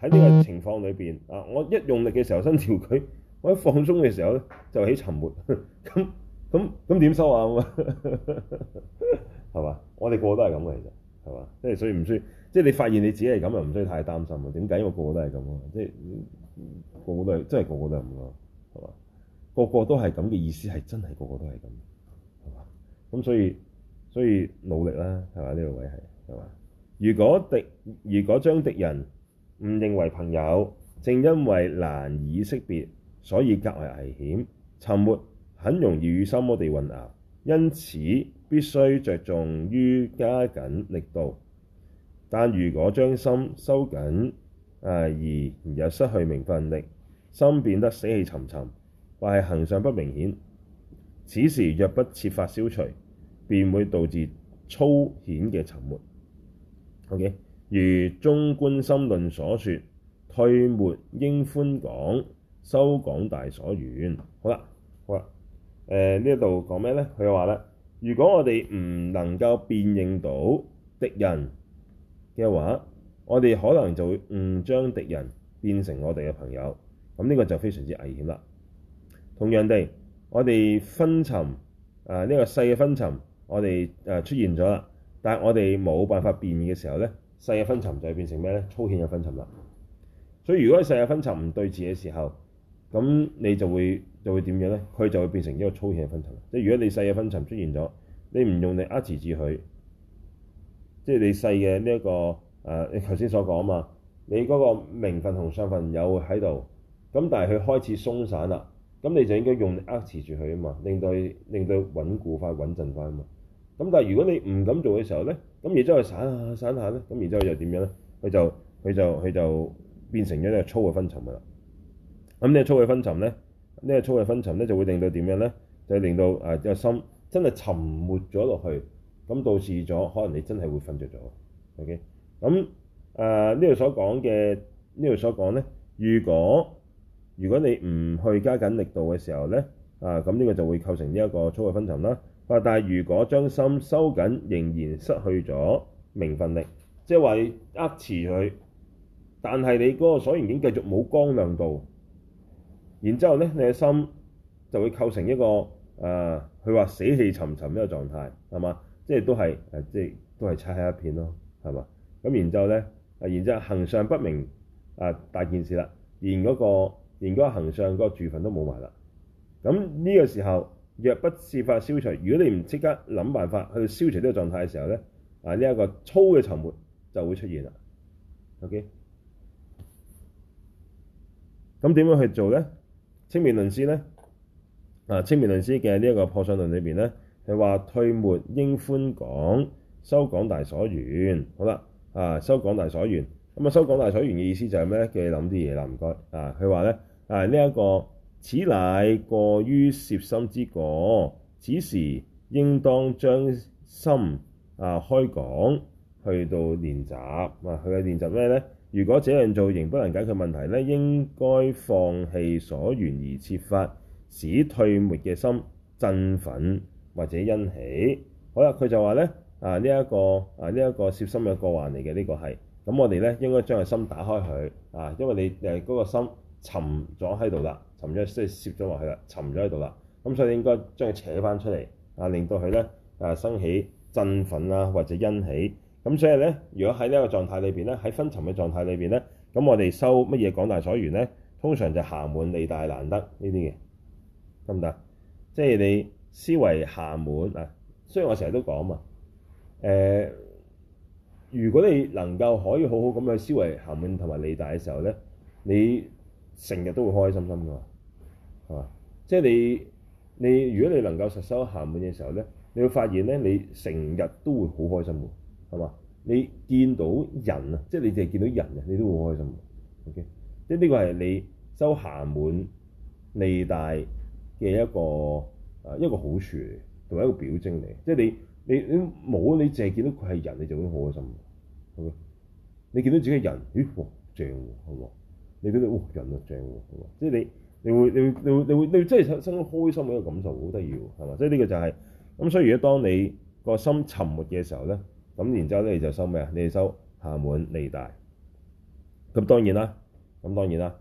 喺呢個情況裏邊啊，我一用力嘅時候先掉舉。我喺放鬆嘅時候咧，就起沉沒咁咁咁點收啊？嘛係嘛？我哋過個個都係咁嘅，其實係嘛？即係所以唔需即係、就是、你發現你自己係咁，又唔需要太擔心啊？點解因為個個都係咁啊？即係個個都係真係個個都咁係嘛？個個都係咁嘅意思係真係個個都係咁係嘛？咁所以所以努力啦係嘛？呢、這個位係係嘛？如果敵如果將敵人誤認為朋友，正因為難以識別。所以格外危險，沉沒很容易與三摩地混淆，因此必須着重於加緊力度。但如果將心收緊，而又失去明分力，心變得死氣沉沉，或係行相不明顯。此時若不設法消除，便會導致粗顯嘅沉沒。Okay? 如《中觀心論》所說，退沒應寬廣。修廣大所緣，好啦，好啦，誒呢度講咩呢？佢話咧，如果我哋唔能夠辨認到敵人嘅話，我哋可能就會誤將敵人變成我哋嘅朋友，咁呢個就非常之危險啦。同樣地，我哋昏沉誒呢、呃，呢個細嘅昏沉，我哋出現咗啦，但我哋冇辦法辨認嘅時候呢，細嘅昏沉就係變成咩呢？粗淺嘅昏沉啦。所以如果細嘅昏沉唔對治嘅時候，咁你就會就會點樣咧？佢就會變成一個粗嘅分層。即係如果你細嘅分層出現咗，你唔用你扼持住佢，即係你細嘅呢一個誒、呃，你頭先所講啊嘛，你嗰個明分同住分有喺度，咁但係佢開始鬆散啦，咁你就應該用力扼持住佢啊嘛，令到佢令到穩固翻、穩陣翻啊嘛。咁但係如果你唔咁做嘅時候咧，咁而之後散下散下咧，咁而之後又點樣咧？佢就佢就佢就變成咗一個粗嘅分層噶啦。咁呢個粗嘅分層咧，呢、呢個粗嘅分層咧就會令到點樣咧？就令到誒個心真係沉沒咗落去，咁導致咗可能你真係會瞓着咗。OK，咁、啊、呢度所講嘅，呢度所講咧，如果如果你唔去加緊力度嘅時候咧，啊咁呢個就會構成呢一個粗嘅分層啦。但係如果將心收緊，仍然失去咗明分力，即係話呃持佢，但係你嗰個所緣已經繼續冇光亮度。然之後咧，你嘅心就會構成一個啊，佢、呃、話死氣沉沉嘅一個狀態，係嘛？即係都係誒、呃，即係都係漆黑一片咯，係嘛？咁然之後咧，啊，然之後，後行相不明啊、呃，大件事啦，連嗰、那個連行相嗰個住份都冇埋啦。咁呢個時候，若不設法消除，如果你唔即刻諗辦法去消除呢個狀態嘅時候咧，啊、呃，呢、這、一個粗嘅沉沒就會出現啦。OK，咁點樣去做咧？清面論師咧，啊，清辯論師嘅呢一個破相論裏面咧，佢話退沒應寬廣，修廣大所緣，好啦，啊，修廣大所緣，咁啊，修廣大所緣嘅意思就係咩咧？叫你諗啲嘢啦，唔該，啊，佢話咧，啊，呢、這、一個此乃過於攝心之過，此時應當將心啊開廣去到練習，啊，佢嘅練習咩咧？如果這樣做仍不能解決問題咧，應該放棄所緣而設法使退沒嘅心振奮或者欣喜。好啦，佢就話咧，啊，呢一個啊，呢一個攝心嘅過患嚟嘅，這個、是呢個係咁，我哋咧應該將個心打開佢啊，因為你誒嗰、那個心沉咗喺度啦，沉咗即係攝咗落去啦，沉咗喺度啦，咁所以應該將佢扯翻出嚟啊，令到佢咧誒生起振奮啦、啊、或者欣喜。咁所以咧，如果喺呢個個狀態裏邊咧，喺分層嘅狀態裏面，咧，咁我哋收乜嘢廣大所緣咧？通常就暇滿利大難得呢啲嘅，得唔得？即係、就是、你思維暇滿啊。雖然我成日都講啊嘛，誒、呃，如果你能夠可以好好咁樣思維暇滿同埋利大嘅時候咧，你成日都會開開心心㗎嘛，係嘛？即、就、係、是、你你如果你能夠實修暇滿嘅時候咧，你會發現咧，你成日都會好開心嘛？你見到人啊，即、就、係、是、你淨係見到人你都會開心。OK，即係呢個係你修暇滿利大嘅一個、嗯、一個好處同埋一個表徵嚟。即、就、係、是、你你你冇你淨係見到佢係人，你就會好開心。Okay? 你見到自己嘅人，咦，正喎、啊，你覺得人啊正喎，即係、啊就是、你你會你會你會你會你會你會你會真係生生開心嘅一個感受，好得意係嘛？即係呢個就係咁。所以如果、就是、當你個心沉沒嘅時候咧。咁然之後咧，你就收咩啊？你收暇滿利大。咁當然啦，咁當然啦。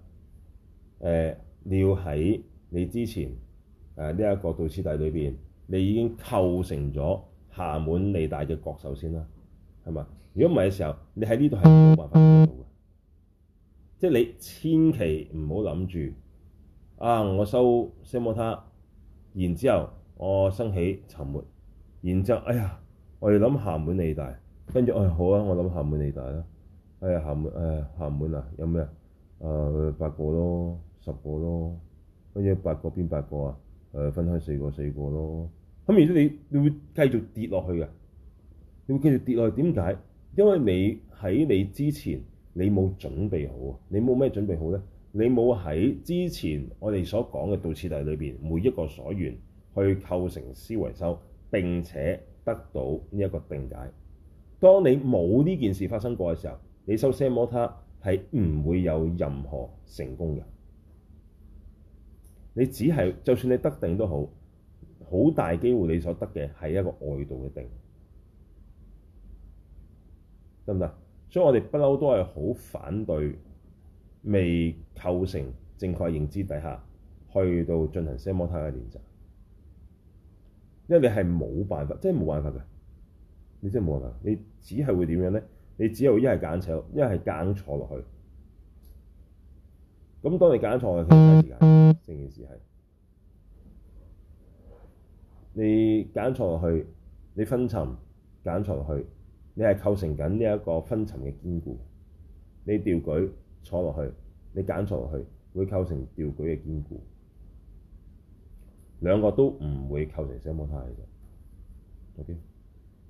誒、呃，你要喺你之前誒呢一個道次第裏面，你已經構成咗暇滿利大嘅角首先啦，係嘛？如果唔係嘅時候，你喺呢度係冇辦法做到嘅。即係你千祈唔好諗住，啊我收奢摩他，然之後我升起沉沒，然之後哎呀～我哋諗廈門理大，跟住誒好啊！我諗廈門理大啦。哎呀，廈門哎呀，廈門嗱有咩啊？誒、呃、八個咯，十個咯。跟住八個邊八個啊？誒、呃、分開四個四個咯。咁如果你你會繼續跌落去嘅，你會繼續跌落去點解？因為你喺你之前你冇準備好啊！你冇咩準備好咧？你冇喺之前我哋所講嘅道次第裏邊每一個所緣去構成思維修，並且。得到呢一個定解。當你冇呢件事發生過嘅時候，你收 samatha 係唔會有任何成功嘅。你只係就算你得定都好，好大機會你所得嘅係一個外道嘅定，得唔得？所以我哋不嬲都係好反對未構成正確認知底下，去到進行 samatha 嘅練習。因為你係冇辦法，即係冇辦法㗎。你真係冇辦法，你只係會點樣咧？你只有一係揀錯，一係揀坐落去。咁當你揀錯嘅，其實睇時間，成件事係你揀錯落去，你分層揀錯落去，你係構成緊呢一個分層嘅堅固。你掉舉坐落去，你揀錯落去，會構成掉舉嘅堅固。兩個都唔會構成三摩地嘅，OK。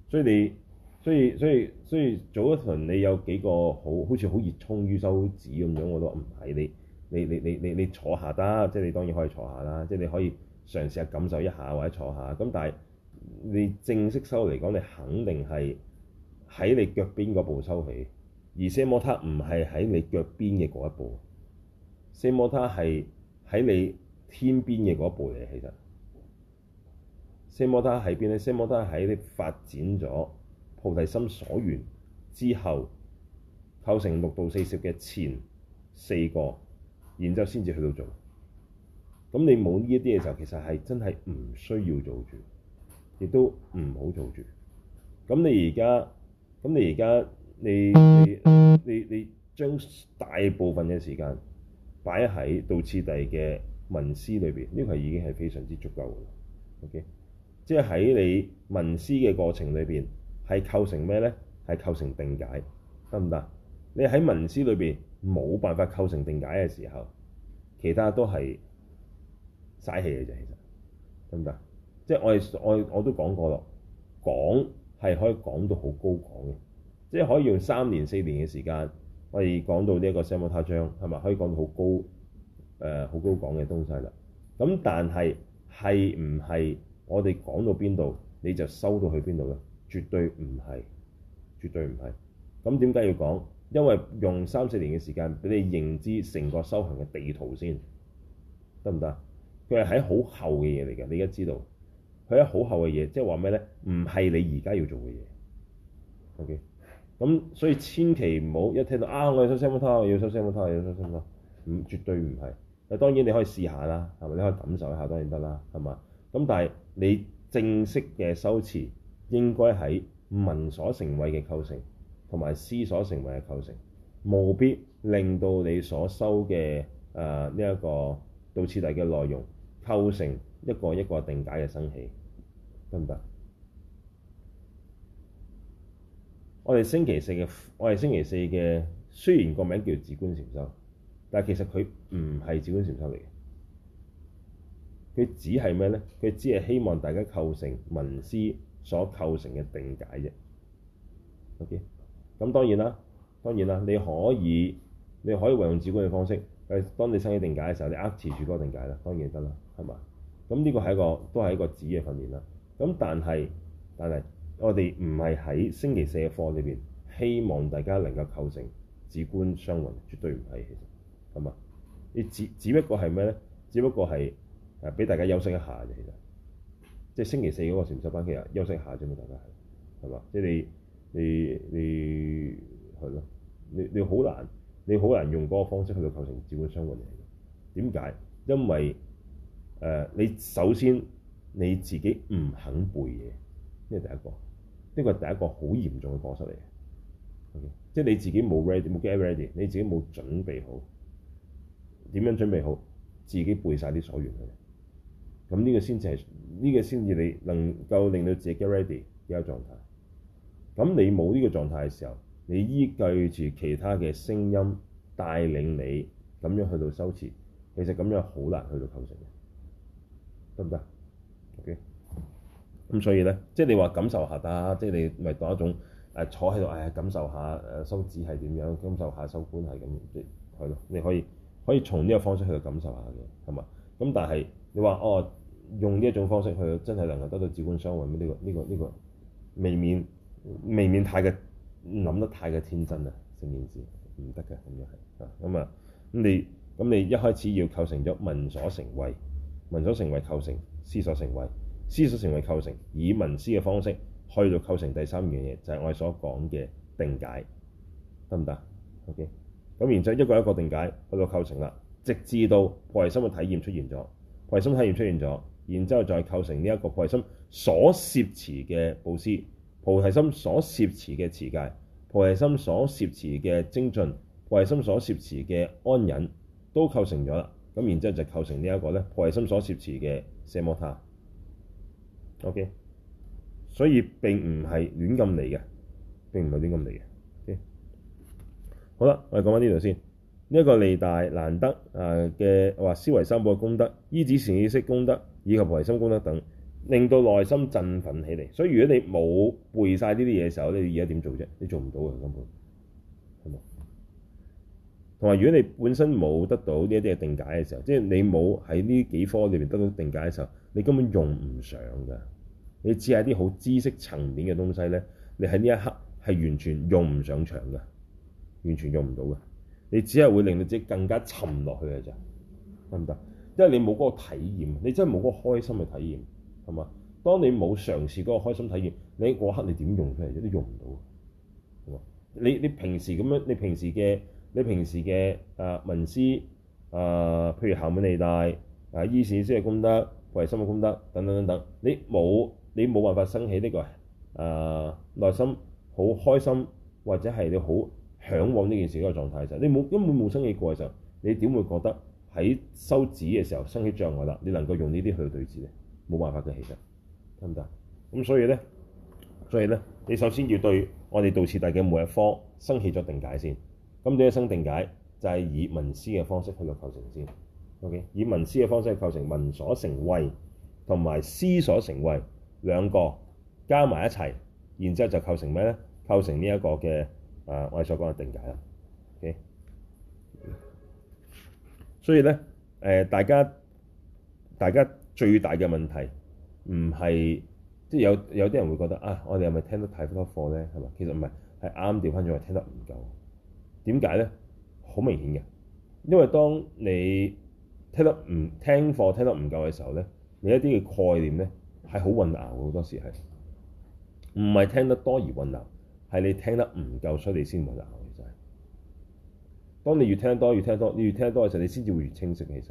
所以你，所以所以所以早一輪你有幾個好，好似好熱衷於修止咁樣，我都唔係你，你你你你你坐下得，即係你當然可以坐下啦，即係你可以嘗試下感受一下或者坐下，咁但係你正式收嚟講，你肯定係喺你腳邊嗰步收起，而三摩地唔係喺你腳邊嘅嗰一步，三摩地係喺你天邊嘅嗰一步嚟，其實。奢摩他喺邊咧？摩他喺你發展咗菩提心所緣之後，構成六度四攝嘅前四個，然之後先至去到做。咁你冇呢一啲嘅時候，其實係真係唔需要做住，亦都唔好做住。咁你而家，咁你而家，你你你你將大部分嘅時間擺喺度次第嘅文思裏邊，呢、這個係已經係非常之足夠嘅啦。OK。即喺你文思嘅過程裏面係構成咩咧？係構成定解，得唔得？你喺文思裏邊冇辦法構成定解嘅時候，其他都係嘥氣嘅啫。其實得唔得？即係我哋，我我都講過咯，講係可以講到好高講嘅，即係可以用三年四年嘅時間，我哋講到呢一個奢摩他章係嘛，可以講到好高誒好、呃、高講嘅東西啦。咁但係係唔係？我哋講到邊度，你就收到去邊度咯，絕對唔係，絕對唔係。咁點解要講？因為用三四年嘅時間俾你認知成個修行嘅地圖先，得唔得？佢係喺好後嘅嘢嚟嘅，你而家知道。佢係好後嘅嘢，即係話咩咧？唔係你而家要做嘅嘢。O K，咁所以千祈唔好一聽到啊，我要收 samatha 我要收 samatha 要收 samatha 唔，絕對唔係。當當然你可以試下啦，係咪？你可以感受一下，當然得啦，係嘛？咁但係。你正式嘅修持應該喺聞所成位嘅構，構成，同埋思所成位嘅構成，務必令到你所修嘅誒呢一個道次第嘅內容構成一個一個定解嘅生起，得唔得？我哋星期四嘅我哋星期四嘅，雖然個名叫「止觀禪修」，但其實佢唔係「止觀禪修」嚟嘅。佢只係咩咧？佢只係希望大家構成聞思所構成嘅定解啫。OK，咁當然啦，當然啦，你可以你可以運用止觀嘅方式。誒，當你生起定解嘅時候，你握持住嗰個定解啦，當然得啦，係嘛？咁呢個係一個都係一個止嘅訓練啦。咁但係但係，我哋唔係喺星期四嘅課裏邊希望大家能夠構成止觀雙運，絕對唔係其實，係嘛？你只只不過係咩咧？只不過係。誒，俾大家休息一下，其實即係星期四嗰個禪修班，其實休息一下啫嘛。大家係，係嘛？即係、就是、你你你係咯，你你好難你好難用嗰個方式去到構成照本生活嘅。點解？因為誒、呃、你首先你自己唔肯背嘢，呢個第一個呢個係第一個好嚴重嘅過失嚟嘅。O.K. 即係你自己冇 ready 冇 get ready，你自己冇準備好，點樣準備好？自己背晒啲所願咁呢個先至係，呢、這個先至你能夠令到自己 get ready 呢個狀態。咁你冇呢個狀態嘅時候，你依據住其他嘅聲音帶領你咁樣去到修持，其實咁樣好難去到構成嘅，得唔得？OK。咁所以咧，即係你話感受下，即係你咪當一種誒、呃、坐喺度，唉、哎，感受下修止係點樣，感受下修觀係咁，即係係咯，你可以可以從呢個方式去到感受下嘅，係嘛？咁但係你話哦。用呢一種方式去真係能夠得到自觀相為呢個呢、這個呢、這個未免未免太嘅諗得太嘅天真啦，成件事唔得嘅咁樣係啊咁啊咁你咁你一開始要構成咗聞所成慧，聞所成慧構成思所成慧，思所成慧構成以聞思嘅方式去到構成第三樣嘢，就係、是、我哋所講嘅定解得唔得？OK 咁然之後一個一個定解去到構成啦，直至到內心嘅體驗出現咗，內心體驗出現咗。然之後再構成呢一個菩提心所攝持嘅布施，菩提心所攝持嘅持戒，菩提心所攝持嘅精進，菩提心所攝持嘅安忍，都構成咗啦。咁然之後就構成呢一個咧菩提心所攝持嘅奢摩他。OK，所以並唔係亂咁嚟嘅，並唔係亂咁嚟嘅。Okay? 好啦，我哋講翻呢度先。呢、這、一個利大難得啊嘅話，思維三寶嘅功德，依止善知識功德。以及維生功德等，令到內心振奮起嚟。所以如果你冇背晒呢啲嘢嘅時候，你而家點做啫？你做唔到嘅根本的，係咪？同埋如果你本身冇得到呢一啲嘅定解嘅時候，即係你冇喺呢幾科裏邊得到定解嘅時候，你根本用唔上㗎。你只係啲好知識層面嘅東西咧，你喺呢一刻係完全用唔上場嘅，完全用唔到嘅。你只係會令到自己更加沉落去嘅咋，得唔得？因為你冇嗰個體驗，你真係冇嗰個開心嘅體驗，係嘛？當你冇嘗試嗰個開心體驗，你嗰刻你點用出嚟？你都用唔到，係嘛？你，你平時咁樣，你平時嘅你平時嘅誒、啊、文思誒、啊，譬如暇滿利大誒，意善先係功德，衞心嘅功德等等等等，你冇你冇辦法生起呢、這個誒、啊、內心好開心或者係你好向往呢件事嗰個狀態嘅時候，你冇根本冇生起過嘅時候，你點會覺得？喺修止嘅時候生起障礙啦，你能夠用呢啲去對治咧，冇辦法嘅其實，得唔得？咁所以咧，所以咧，你首先要對我哋道次第嘅每一科生起咗定解先，咁你一生定解？就係以聞思嘅方式去到構成先，OK？以聞思嘅方式去構成聞所成慧同埋思所成慧兩個加埋一齊，然之後就構成咩咧？構成呢一個嘅誒、呃、我哋所講嘅定解啦，OK？所以咧，誒，大家大家最大嘅問題唔係即係有有啲人會覺得啊，我哋係咪聽得太多課咧？係嘛？其實唔係，係啱調翻轉，話聽得唔夠。點解咧？好明顯嘅，因為當你聽得唔聽課聽得唔夠嘅時候咧，你一啲嘅概念咧係好混淆，好多時係唔係聽得多而混淆，係你聽得唔夠，所以你先混淆。當你越聽多越聽多，你越聽多嘅時候，你先至會越清晰。其實，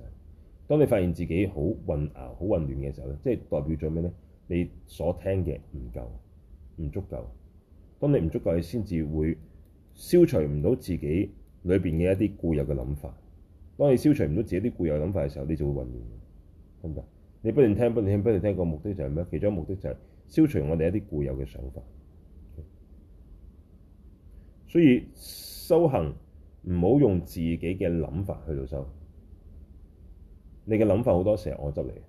當你發現自己好混淆、好混亂嘅時候咧，即係代表咗咩咧？你所聽嘅唔夠，唔足夠。當你唔足夠，你先至會消除唔到自己裏邊嘅一啲固有嘅諗法。當你消除唔到自己啲固有諗法嘅時候，你就會混亂，得唔得？你不斷聽、不斷聽、不斷聽，個目的就係咩？其中一個目的就係消除我哋一啲固有嘅想法。所以修行。唔好用自己嘅諗法去到修，你嘅諗法好多時係我執嚟嘅。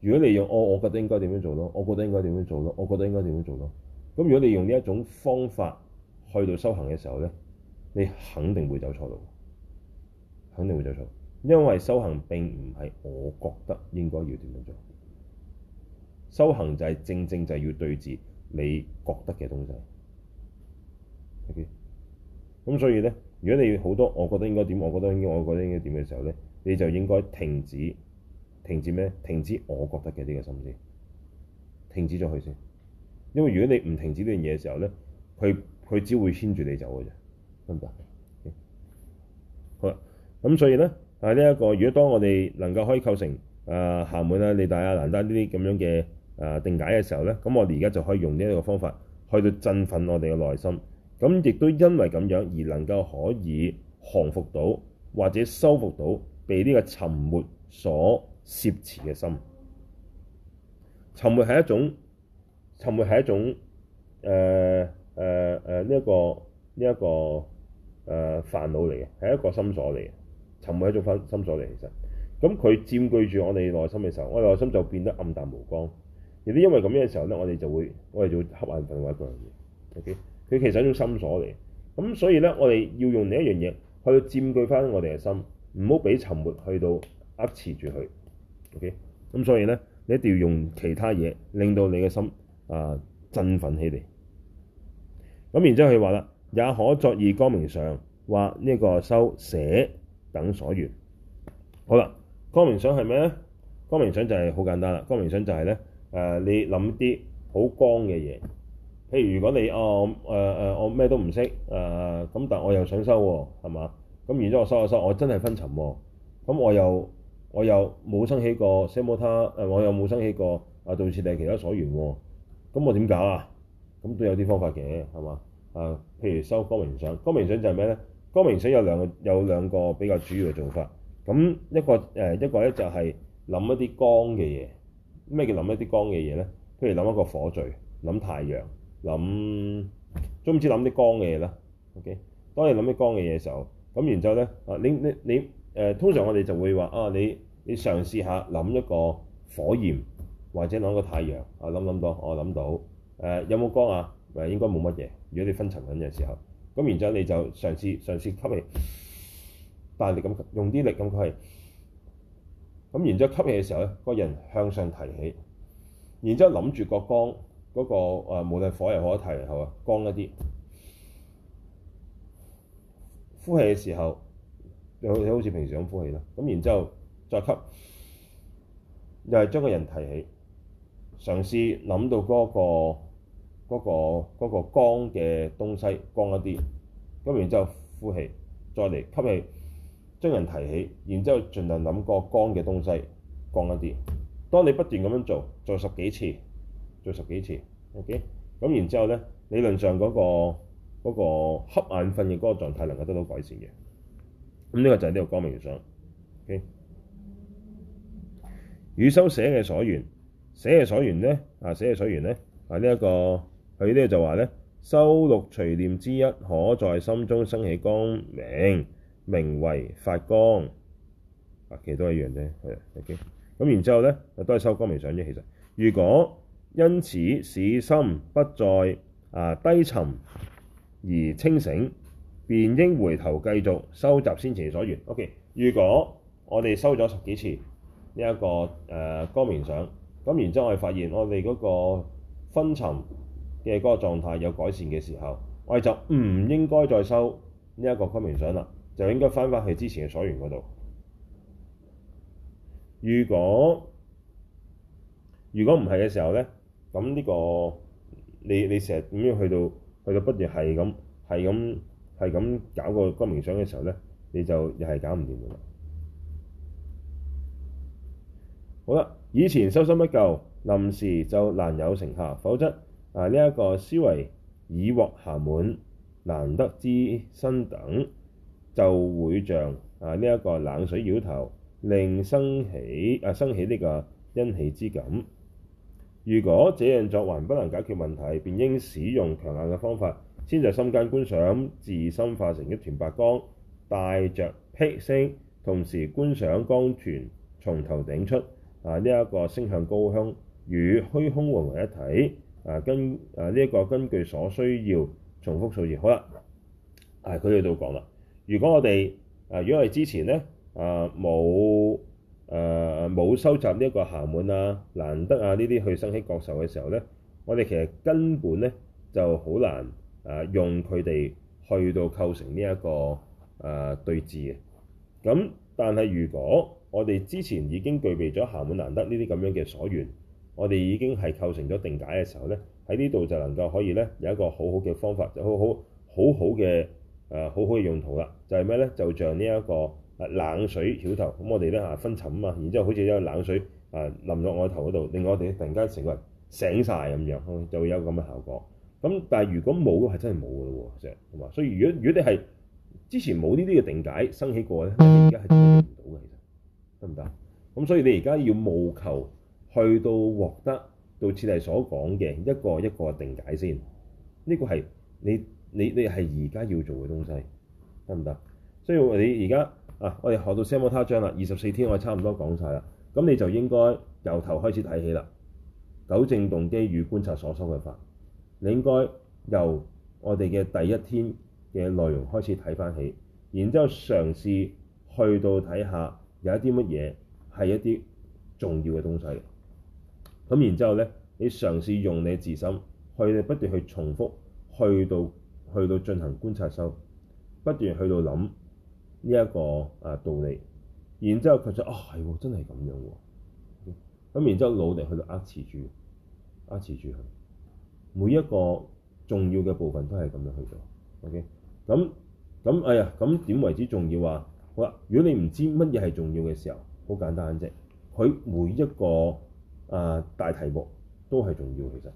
如果你用我，我覺得應該點樣做咯，我覺得應該點樣做咯，我覺得應該點樣做咯。咁如果你用呢一種方法去到修行嘅時候咧，你肯定會走錯路，肯定會走錯，因為修行並唔係我覺得應該要點樣做。修行就係正正就係要對治你覺得嘅東西。O.K.，咁所以咧。如果你好多我，我覺得應該點？我覺得應該，我覺得應該點嘅時候咧，你就應該停止，停止咩？停止我覺得嘅呢、這個心思，停止咗佢先。因為如果你唔停止呢樣嘢嘅時候咧，佢佢只會牽住你走嘅啫，得唔得？Okay? 好，咁所以咧，啊呢一個，如果當我哋能夠可以構成啊、呃、夏門啦、你大亞蘭達這這、蘭德呢啲咁樣嘅啊定解嘅時候咧，咁我哋而家就可以用呢一個方法去到振奮我哋嘅內心。咁亦都因為咁樣而能夠可以降服到或者收伏到被呢個沉沒所攝持嘅心沉。沉沒係一種沉沒係一種誒誒誒呢一個呢一、這個誒煩惱嚟嘅，係、呃、一個心所嚟嘅。沉沒係一種分心所嚟，其實咁佢佔據住我哋內心嘅時候，我內心就變得暗淡無光。亦都因為咁樣嘅時候咧，我哋就會我哋就會瞌眼瞓或者嗰樣嘢。O.K. 佢其實係一種心鎖嚟，咁所以咧，我哋要用另一樣嘢去佔據翻我哋嘅心，唔好俾沉沒去到扼持住佢。OK，咁所以咧，你一定要用其他嘢令到你嘅心啊振奮起嚟。咁然之後佢話啦，也可作意光明相話呢個修捨等所緣。好啦，光明相係咩咧？光明相就係好簡單啦，光明相就係咧誒，你諗啲好光嘅嘢。譬如如果你啊、哦，我誒、呃、我咩都唔識誒，咁、呃、但我又想收喎、啊，係嘛？咁然之我收一收，我真係分沉喎、啊。咁我又我又冇生起過 samatha 我又冇生起過啊杜徹定其他所緣喎。咁我點搞啊？咁、啊、都有啲方法嘅，係嘛？啊，譬如收光明相，光明相就係咩咧？光明相有兩個有兩個比較主要嘅做法。咁一個誒、呃、一個咧就係諗一啲光嘅嘢。咩叫諗一啲光嘅嘢咧？譬如諗一個火聚，諗太陽，諗總之諗啲光嘅嘢啦，OK。當你諗啲光嘅嘢嘅時候，咁然之後咧，啊你你你、呃、通常我哋就會話啊，你你嘗試下諗一個火焰，或者諗個太陽啊，諗諗到，我諗到誒、呃、有冇光啊？誒、啊、應該冇乜嘢。如果你分層緊嘅時候，咁然之後你就嘗試嘗試吸氣，大力你咁用啲力咁佢，咁然之後吸氣嘅時候咧，個人向上提起，然之後諗住個光。嗰個誒，無論火又可提，係嘛？光一啲，呼氣嘅時候，你好似平時咁呼氣啦。咁然之後再吸，又係將個人提起，嘗試諗到嗰個嗰個嗰個光嘅東西，光一啲。咁然之後呼氣，再嚟吸氣，將人提起，然之後盡量諗個光嘅東西，光一啲。當你不斷咁樣做，做十幾次。做十幾次，OK，咁然之後咧理論上嗰、那個嗰、那個瞌眼瞓嘅嗰個狀態能夠得到改善嘅，咁、這、呢個就係呢個光明相。OK，與修捨嘅所緣，捨嘅所緣咧啊，捨嘅所緣咧啊，這個、呢一個佢呢就話咧修六隨念之一，可在心中升起光明，名為發光。啊，其，他、okay? 其實都一樣啫，OK。咁然之後咧，都係修光明相啫。其實如果因此使心不再啊低沉而清醒，便應回頭繼續收集先前所緣。OK，如果我哋收咗十幾次呢、這、一個誒、呃、光明相，咁然之後我哋發現我哋嗰個分層嘅嗰個狀態有改善嘅時候，我哋就唔應該再收呢一個光明相啦，就應該翻返去之前嘅所緣嗰度。如果如果唔係嘅時候呢？咁呢、這個你你成日點樣去到去到不斷係咁係咁係咁搞個光明相嘅時候咧，你就又係搞唔掂嘅啦。好啦，以前修心不夠，臨時就難有成效；否則啊，呢、這、一個思維已獲暇滿，難得之身等，就會像啊呢一、這個冷水搖頭，令生起啊生起呢個欣喜之感。如果這樣作還不能解決問題，便應使用強硬嘅方法。先在心間觀想，自心化成一團白光，帶著霹聲，同時觀想光團從頭頂出，啊呢一個升向高空，與虛空混為一體。啊根啊呢一個根據所需要重複數次。好啦，係佢哋都講啦。如果我哋啊，如果我哋之前呢，啊冇。沒誒冇、呃、收集呢一個暇滿啊難得啊呢啲去生起覺受嘅時候呢，我哋其實根本呢就好難、呃、用佢哋去到構成呢、這、一個誒、呃、對峙嘅。咁但係如果我哋之前已經具備咗暇滿難得呢啲咁樣嘅所緣，我哋已經係構成咗定解嘅時候呢，喺呢度就能夠可以呢有一個好好嘅方法，就好、呃、好好好嘅誒好好嘅用途啦。就係、是、咩呢？就像呢、這、一個。冷水挑頭，咁我哋咧啊分層啊嘛，然之後好似有冷水啊淋落我頭嗰度，令我哋突然間成個人醒晒。咁樣，就會有咁嘅效果。咁但係如果冇係、就是、真係冇嘅咯喎，即係同埋，所以如果如果你係之前冇呢啲嘅定解生起過咧，你而家係做唔到嘅，得唔得？咁所以你而家要務求去到獲得，到似係所講嘅一個一個定解先，呢、這個係你你你係而家要做嘅東西，得唔得？所以你而家。啊！我哋學到奢摩他章啦，二十四天我差唔多講晒啦。咁你就應該由頭開始睇起啦。糾正動機與觀察所修嘅法，你應該由我哋嘅第一天嘅內容開始睇返起，然之後嘗試去到睇下有些什麼是一啲乜嘢係一啲重要嘅東西。咁然之後呢，你嘗試用你嘅自心去不斷去重複，去到去到進行觀察修，不斷去到諗。呢一個啊道理，然之後佢就哦係喎、哦，真係咁樣喎。咁然之後努力去到壓持住，壓持住佢每一個重要嘅部分都係咁樣去做。OK，咁咁哎呀，咁點為之重要啊？好啦，如果你唔知乜嘢係重要嘅時候，好簡單啫。佢每一個啊、呃、大題目都係重要，其實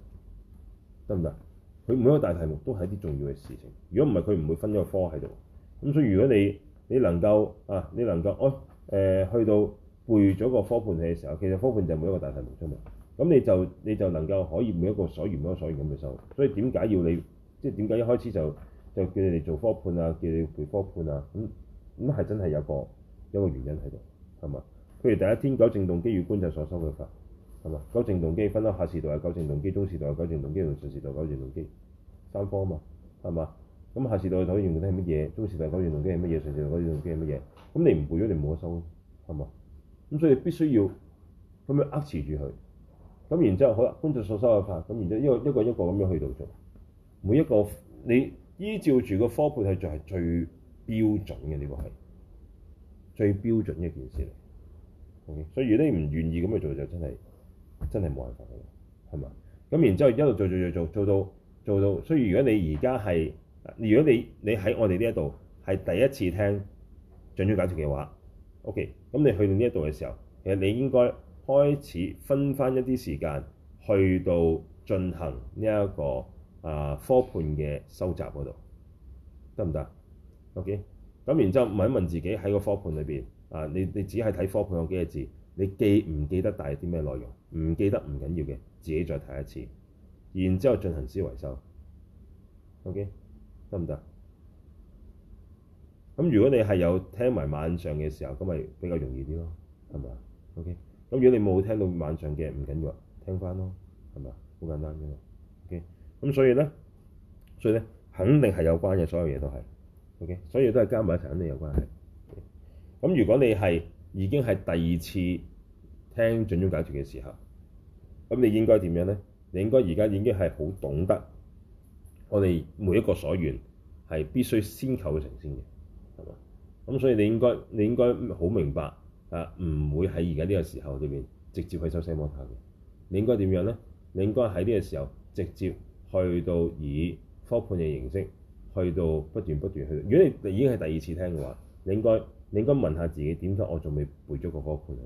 得唔得？佢每一個大題目都係一啲重要嘅事情。如果唔係，佢唔會分一個科喺度。咁所以如果你你能夠啊，你能夠我、哦呃、去到背咗個科判嘅時候，其實科判就每一個大題目出嚟，咁你就你就能夠可以每一個所緣每一個所緣咁去修。所以點解要你即係點解一開始就就叫你哋做科判啊，叫你背科判啊，咁咁係真係有一個有一個原因喺度，係嘛？譬如第一天九正動機與觀察所修嘅法，係嘛？九正動機分咗下士道有九正動機，中士道有九正動機，同上士道九正動機三科啊嘛，係嘛？咁下士道討論到啲係乜嘢？中士道討論到啲係乜嘢？上士道討論到啲係乜嘢？咁你唔背咗，你冇得收，係嘛？咁所以必須要咁樣扼持住佢。咁然之後，好啦，工作數收得快，咁然之後一個一個一個咁樣去到做每一個。你依照住個科派去做係最標準嘅呢、呢個係最標準嘅一件事嚟。O.K. 所以如果你唔願意咁樣做，就真係真係冇辦法嘅，係嘛？咁然之後一路做做做做做到做到，所以如果你而家係。如果你你喺我哋呢一度係第一次聽長篇解述嘅話，OK，咁你去到呢一度嘅時候，其實你應該開始分返一啲時間去到進行呢、這、一個啊科判嘅收集嗰度，得唔得？OK，咁然之後問一問自己喺個科判裏邊啊，你你只係睇科判有幾多字？你記唔記得帶啲咩內容？唔記得唔緊要嘅，自己再睇一次，然之後進行思維修 OK。得唔得？咁如果你係有聽埋晚上嘅時候，咁咪比較容易啲咯，係咪啊？OK。咁如果你冇聽到晚上嘅，唔緊要，聽翻咯，係咪啊？好簡單啫嘛。OK。咁所以咧，所以咧、okay？肯定係有關嘅所有嘢都係。OK。所以都係加埋一齊，肯定有關係。咁如果你係已經係第二次聽掌中解脫嘅時候，咁你應該點樣咧？你應該而家已經係好懂得。我哋每一個所願係必須先求佢成先嘅，係嘛？咁所以你應該你應該好明白啊，唔會喺而家呢個時候裏邊直接去收聲望下嘅。你應該點樣咧？你應該喺呢個時候直接去到以科判嘅形式去到不斷不斷去。如果你已經係第二次聽嘅話，你應該你應該問下自己，點解我仲未背咗個科判咧？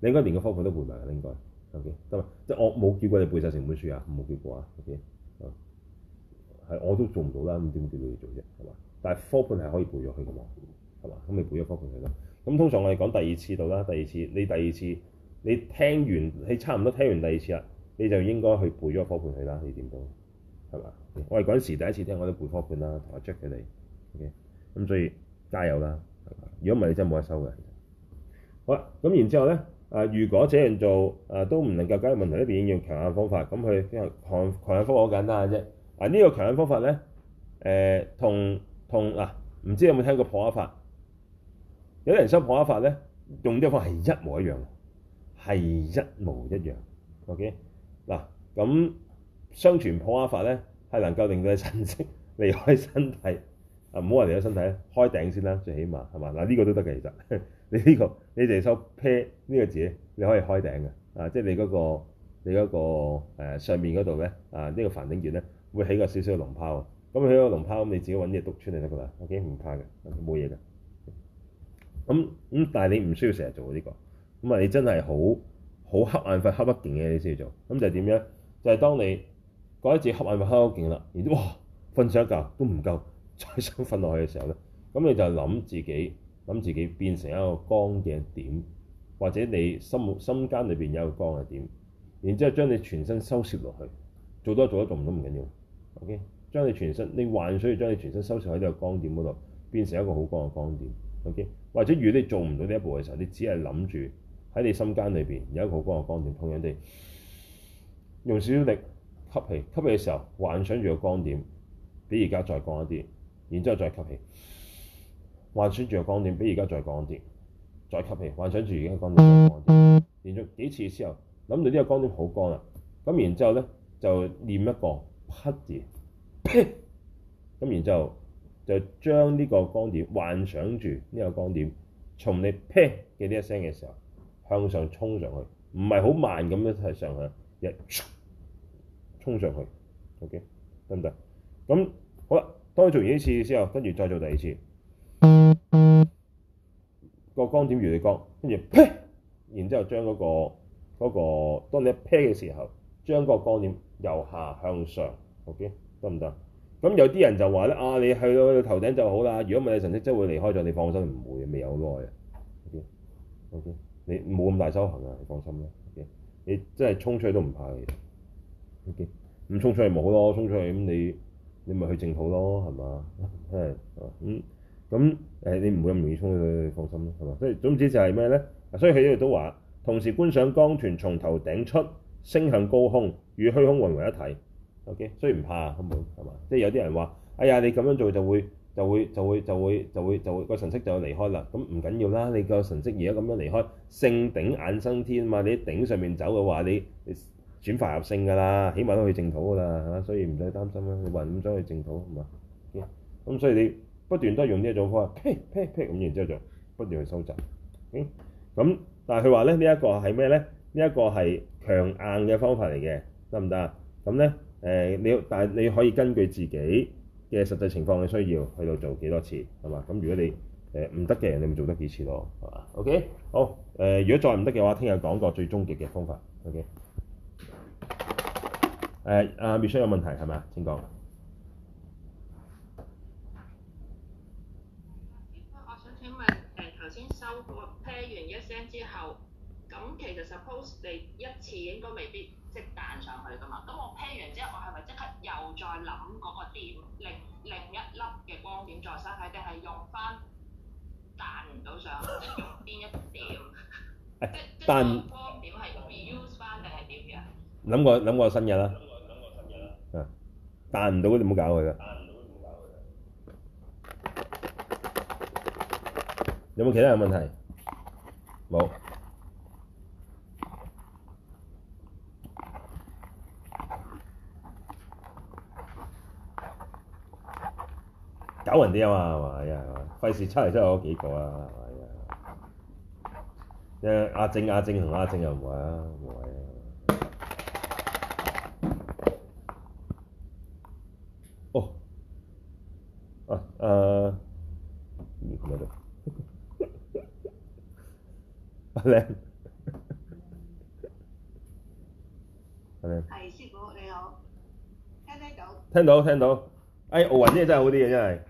你應該連個科判都背埋嘅，應該 OK 得咪？即係我冇叫過你背晒成本書啊，冇叫過啊，OK。啊，係，我都做唔到啦，唔掂唔掂嚟做啫，係嘛？但係科盤係可以背咗去嘅喎，係嘛？咁你背咗科盤去啦。咁通常我哋講第二次度啦，第二次你第二次你聽完，你差唔多聽完第二次啦，你就應該去背咗科盤去啦。你點都係嘛？我係嗰陣時第一次聽，我都背科盤啦，同阿 Jack 佢哋。O K，咁所以加油啦，係嘛？如果唔係你真係冇得收嘅。好啦，咁然之後咧。誒，如果這樣做誒，都唔能夠解決問題，一定要用強硬方法。咁去強強強硬方法好簡單嘅啫。啊，呢、這個強硬方法咧，誒、呃，同同啊，唔知道有冇聽過破瓦、啊、法？有啲人修破瓦、啊、法咧，用啲方法係一模一樣，係一模一樣。OK，嗱、啊，咁相傳破瓦、啊、法咧，係能夠令到你神識離開身體。啊，唔好話離開身體，開頂先啦，最起碼係嘛？嗱、啊，呢、這個都得嘅，其實。你呢、這個，你哋收撇呢個字，你可以開頂嘅，啊，即係你嗰、那個，你嗰、那個、呃、上面嗰度咧，啊，呢、這個梵頂穴咧，會起個少少龍泡，咁、啊、起一個龍泡，咁你自己揾嘢篤穿就得噶啦，OK，唔怕嘅，冇嘢嘅。咁、嗯、咁、嗯，但係你唔需要成日做呢、這個，咁啊，你真係好好瞌眼瞓瞌得勁嘅，你先要做。咁就點樣？就係、是、當你覺得自己瞌眼瞓瞌到勁啦，然之後哇，瞓醒一覺都唔夠，再想瞓落去嘅時候咧，咁你就諗自己。諗自己變成一個光嘅點，或者你心目心間裏邊有一個光嘅點，然之後將你全身收攝落去，做多做多做唔到唔緊要，OK。將你全身，你幻想要將你全身收攝喺呢個光點嗰度，變成一個好光嘅光點，OK。或者如果你做唔到呢一步嘅時候，你只係諗住喺你心間裏邊有一個好光嘅光點，同樣地，用少少力吸氣，吸氣嘅時候幻想住個光點比而家再光一啲，然之後再吸氣。幻想住個光點，比而家再光啲，再吸氣。幻想住而家嘅光點再光啲，連續幾次之後，諗到呢個光點好光啦。咁然之後咧就念一個啪字，咁、ah、然之後就將呢個光點幻想住呢個光點，從你啪嘅呢一聲嘅時候向上衝上去，唔係好慢咁樣喺上去，一衝衝上去。OK 得唔得？咁好啦，當你做完呢次之後，跟住再做第二次。個光點如你光，跟住劈，然之後將嗰個嗰個，當你一劈嘅時候，將個光點由下向上，OK，得唔得？咁有啲人就話咧啊，你去到頭頂就好啦，如果唔係你神識真會離開咗，你放心唔會，未有耐啊。OK，OK，你冇咁大修行啊，你放心啦。OK，你真係衝出去都唔怕嘅。OK，咁衝出去冇咯，衝出去咁你你咪去淨土咯，係嘛？係。嗯。咁誒你唔會咁容易衝去，你放心咯，係嘛？即係總之就係咩咧？所以佢呢度都話同時觀想光團從頭頂出，升向高空與虛空混為一體，嗯、O、okay? K，所以唔怕好冇？係嘛？即係有啲人話哎呀，你咁樣做就會就會就會就會就會就會個神識就離開啦。咁唔緊要啦，你個神識而家咁樣離開升頂眼生天嘛，你喺頂上面走嘅話你轉化入聖㗎啦，起碼都去淨土㗎啦，係嘛？所以唔使擔心啦，你混咁走去淨土係嘛？咁所以你。不斷都係用呢一種方法，呸呸呸咁，然之後就不斷去收集。咁、OK？但係佢話咧，這個、呢一、這個係咩咧？呢一個係強硬嘅方法嚟嘅，得唔得啊？咁咧，誒、呃、你，但係你可以根據自己嘅實際情況嘅需要，去到做幾多次，係嘛？咁如果你誒唔得嘅，人、呃，你咪做得幾次咯，係嘛？OK，好，誒、呃，如果再唔得嘅話，聽日講個最終極嘅方法。OK，誒、呃、啊，Michelle 有問題係嘛？請講。其實 suppose 你一次應該未必即彈上去噶嘛？咁我 pair 完之後，我係咪即刻又再諗嗰個點，另另一粒嘅光點再生起，定係用翻彈唔到上去，即用邊一點？係即即光點係 reuse 翻定係點樣？諗過諗過新嘅啦，諗過新嘅啦，啊彈唔到就唔好搞佢啦，彈唔到唔好搞佢啦。有冇其他人問題？冇。搞人啲啊嘛，係咪？費事出嚟出我幾個啊，係咪？阿正阿正同阿正又唔會啊，唔會哦，啊啊，你咁多，阿靚，阿靚，係，師傅你好，聽唔聽到？聽到聽到，誒奧運啲嘢真係好啲嘅，真係。